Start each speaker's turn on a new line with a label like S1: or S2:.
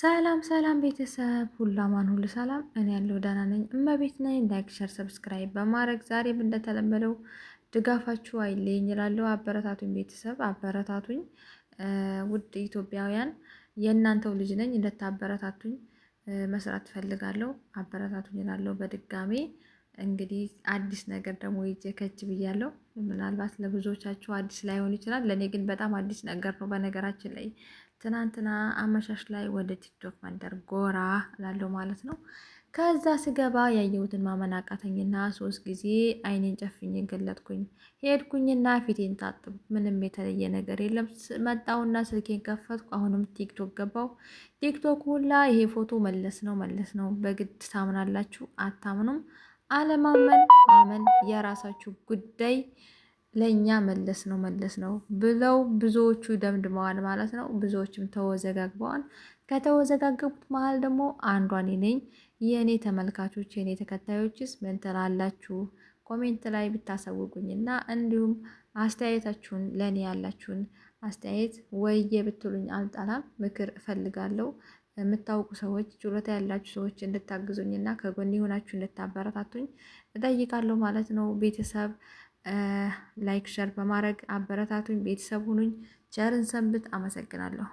S1: ሰላም ሰላም ቤተሰብ ሁላማን ሁሉ ሰላም፣ እኔ ያለው ደህና ነኝ። እመቤት ነኝ። ላይክ ሸር፣ ሰብስክራይብ በማድረግ ዛሬም እንደተለመደው ድጋፋችሁ አይለኝ እላለሁ። አበረታቱኝ ቤተሰብ አበረታቱኝ። ውድ ኢትዮጵያውያን የእናንተው ልጅ ነኝ። እንደታበረታቱኝ መስራት ፈልጋለሁ። አበረታቱኝ እላለሁ በድጋሜ እንግዲህ አዲስ ነገር ደግሞ ይዤ ከች ብያለሁ። ምናልባት ለብዙዎቻችሁ አዲስ ላይሆን ይችላል፣ ለእኔ ግን በጣም አዲስ ነገር ነው። በነገራችን ላይ ትናንትና አመሻሽ ላይ ወደ ቲክቶክ መንደር ጎራ ላለው ማለት ነው። ከዛ ስገባ ያየሁትን ማመን አቃተኝና ሶስት ጊዜ አይኔን ጨፍኝ ገለጥኩኝ። ሄድኩኝና ፊቴን ታጥብ። ምንም የተለየ ነገር የለም። መጣውና ስልኬን ከፈትኩ። አሁንም ቲክቶክ ገባው። ቲክቶክ ሁላ ይሄ ፎቶ መለስ ነው መለስ ነው። በግድ ታምናላችሁ አታምኑም አለማመን ማመን የራሳችሁ ጉዳይ፣ ለእኛ መለስ ነው መለስ ነው ብለው ብዙዎቹ ደምድመዋል ማለት ነው። ብዙዎችም ተወዘጋግበዋል። ከተወዘጋገቡት መሀል ደግሞ አንዷን እኔ ነኝ። የእኔ ተመልካቾች የእኔ ተከታዮችስ ምን ትላላችሁ? ኮሜንት ላይ ብታሳውቁኝ እና እንዲሁም አስተያየታችሁን ለእኔ ያላችሁን አስተያየት ወየ ብትሉኝ አልጣላም፣ ምክር እፈልጋለሁ። የምታውቁ ሰዎች ችሎታ ያላችሁ ሰዎች እንድታግዙኝ እና ከጎን የሆናችሁ እንድታበረታቱኝ እጠይቃለሁ ማለት ነው። ቤተሰብ ላይክ፣ ሸር በማድረግ አበረታቱኝ። ቤተሰብ ሁኑኝ። ቸርን ሰንብት። አመሰግናለሁ።